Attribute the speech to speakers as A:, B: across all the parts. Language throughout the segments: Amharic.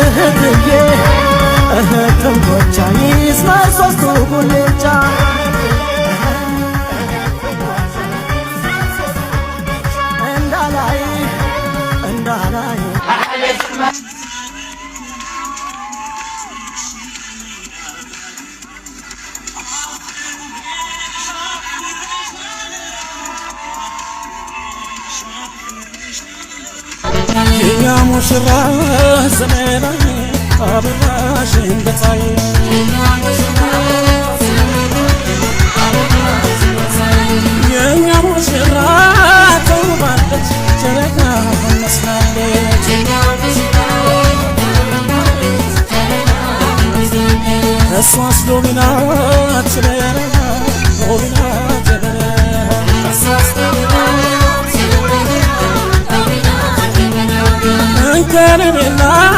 A: እህትዬ እህትም ጎቻ ይስመሶስቱ ጉልቻ ሙሽራ ዘመናዊ አበባሽ እንደ ፀሐይ የእኛ ሙሽራ ተውባለች ጨረቃ መስላለች እሷስ ሎሚናት ስለራ Saturday night.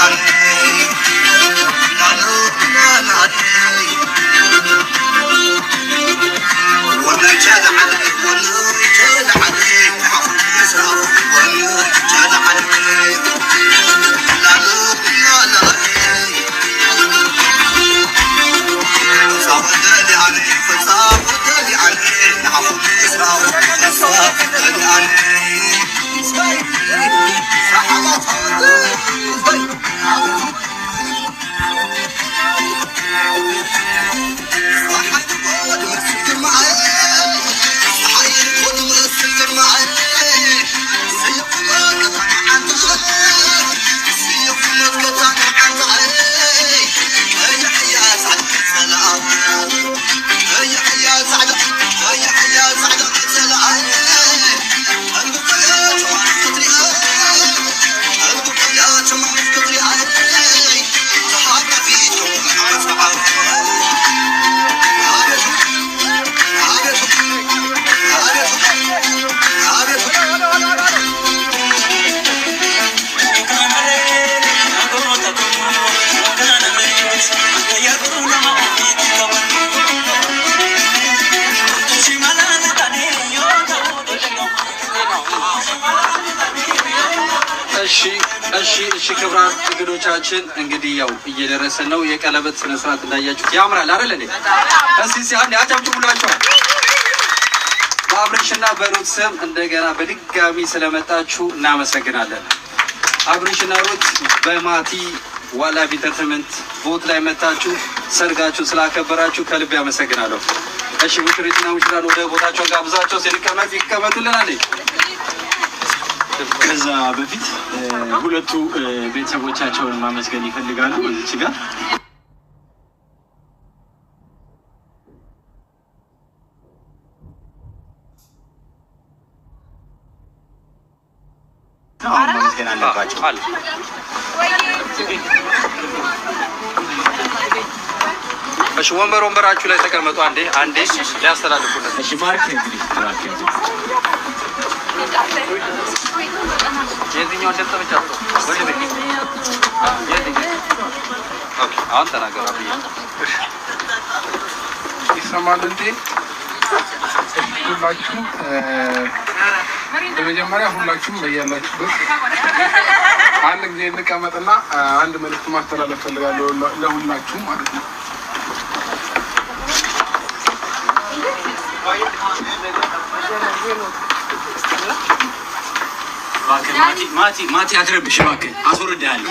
B: ang
C: እሺ ክብራት እንግዶቻችን እንግዲህ ያው እየደረሰ ነው የቀለበት ስነ ስርዓት እንዳያችሁት ያምራል አይደል እንዴ? እስቲ እሺ አንዴ አጨብጭቡላችኋል። በአብርሽና በሩት ስም እንደገና በድጋሚ ስለመጣችሁ እናመሰግናለን። አብርሽና ሩት በማቲ ዋላ ኢንተርቴንመንት ቦት ላይ መጣችሁ ሰርጋችሁ ስላከበራችሁ ከልብ ያመሰግናለሁ። እሺ ሙሽሪትና ሙሽራን ወደ ቦታቸው ጋብዛቸው ሲልቀመጥ ይቀመጡልናል። ከዛ በፊት ሁለቱ ቤተሰቦቻቸውን ማመስገን ይፈልጋሉ። እዚች ጋር አሁን እሺ ወንበር ወንበራችሁ ላይ ተቀመጡ። አንዴ አንዴ ሊያስተላልፉለት።
D: እሺ ማርክ እንግዲህ
C: የዚህኛው ድምጽ ብቻ አሁን ተናገራ
E: ይሰማል እንዴ? ሁላችሁም በመጀመሪያ ሁላችሁም በያላችሁበት አንድ ጊዜ እንቀመጥና አንድ መልዕክት ማስተላለፍ ፈልጋለሁ ለሁላችሁም ማለት ነው።
F: ማቲ አትረብሽ እባክህ፣ አስወርድሃለሁ።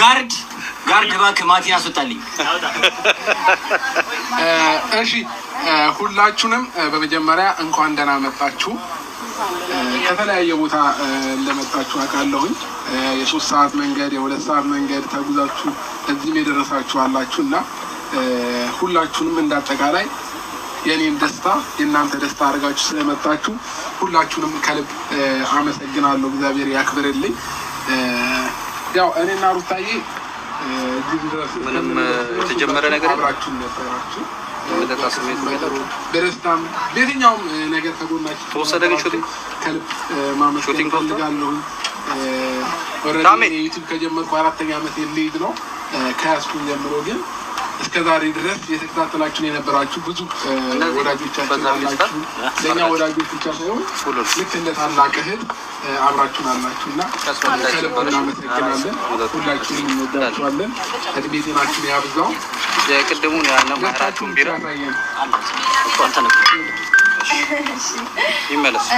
F: ጋርድ ጋርድ እባክህ ማቲ አስወጣልኝ።
E: እሺ ሁላችሁንም በመጀመሪያ እንኳን ደህና መጣችሁ። ከተለያየ ቦታ እንደመጣችሁ አውቃለሁኝ። የሶስት ሰዓት መንገድ የሁለት ሰዓት መንገድ ተጉዛችሁ እዚህም የደረሳችሁ አላችሁ እና ሁላችሁንም እንዳጠቃላይ የእኔን ደስታ የእናንተ ደስታ አድርጋችሁ ስለመጣችሁ ሁላችሁንም ከልብ አመሰግናለሁ። እግዚአብሔር ያክብርልኝ። ያው እኔና ሩታዬ
F: ምንም የተጀመረ ነገር
E: አብራችሁ ነበራችሁ በደስታም በየትኛውም ነገር ከጎናችሁ
F: ተወሰደ። ግን ሾቲንግ
E: ከልብ ማመስገን ፈልጋለሁ። ዩቲዩብ ከጀመርኩ አራተኛ ዓመት ልይዝ ነው ከያዝኩኝ ጀምሮ ግን እስከ ዛሬ ድረስ የተከታተላችሁን የነበራችሁ ብዙ ወዳጆቻችን ለእኛ ወዳጆች ብቻ ሳይሆን ልክ እንደ ታላቅ እህል አብራችሁን አላችሁ እና ከልብ እናመሰግናለን። ሁላችሁን እንወዳችኋለን። እድሜ ጤናችን ያብዛው።
F: የቅድሙን ያለ ማራቱን ቢራ
G: ይመለስ።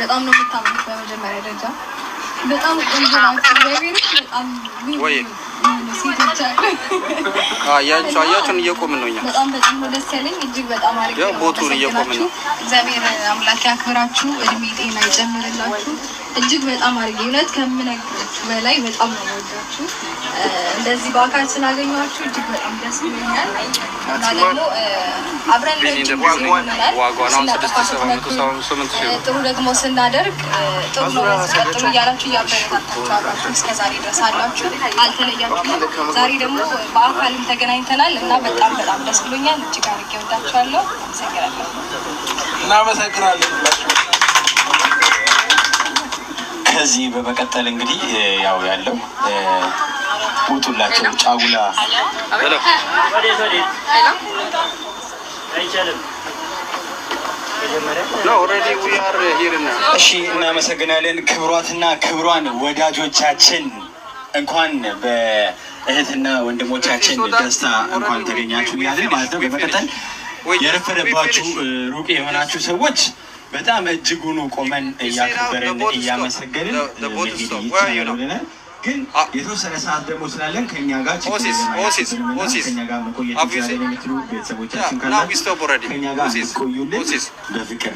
G: በጣም ነው የምታምኑት በመጀመሪያ ደረጃ በጣም
F: አያችሁ አያችሁን፣ እየቆምን ነው። እኛ
G: በጣም በጣም ነው ደስ ያለኝ። እጅግ በጣም አሪፍ
F: ቦታውን እየቆምን ነው።
G: እግዚአብሔር አምላክ ያክብራችሁ፣ እድሜ ጤና ይጨምርላችሁ። እጅግ በጣም አድርጌ እውነት ከምነግራችሁ በላይ በጣም ነው የምወዳችሁ። እንደዚህ በአካል ስላገኘኋችሁ እጅግ በጣም ደስ ይለኛል እና ደግሞ አብረን ጥሩ ደግሞ ስናደርግ ጥሩ ነው ቀጥሉ እያላችሁ እያበረታታችሁ አሏችሁ እስከዛሬ ድረስ አሏችሁ፣ አልተለያችሁ። ዛሬ ደግሞ በአካልም ተገናኝተናል እና በጣም በጣም ደስ ብሎኛል። እጅግ አድርጌ ወዳችኋለሁ። አመሰግናለሁ።
F: እናመሰግናለን። ከዚህ በመቀጠል እንግዲህ ያው ያለው ውጡላቸው ጫጉላ እሺ፣ እናመሰግናለን። ክብሯትና ክብሯን ወዳጆቻችን እንኳን በእህትና ወንድሞቻችን ደስታ እንኳን ተገኛችሁ ያለ ማለት ነው። በመቀጠል የረፈደባችሁ ሩቅ የሆናችሁ ሰዎች በጣም እጅጉኑ ቆመን እያከበረን እያመሰገንን ይችላልልናል። ግን ah. የተወሰነ ሰዓት ደግሞ ስላለን ከኛ ጋር ቆዩልን በፍቅር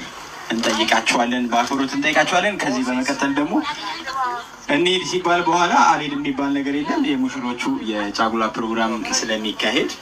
F: እንጠይቃቸዋለን በአክብሮት እንጠይቃቸዋለን። ከዚህ በመቀጠል ደግሞ እንሂድ ሲባል በኋላ አልሄድ የሚባል ነገር የለም። የሙሽሮቹ የጫጉላ ፕሮግራም ስለሚካሄድ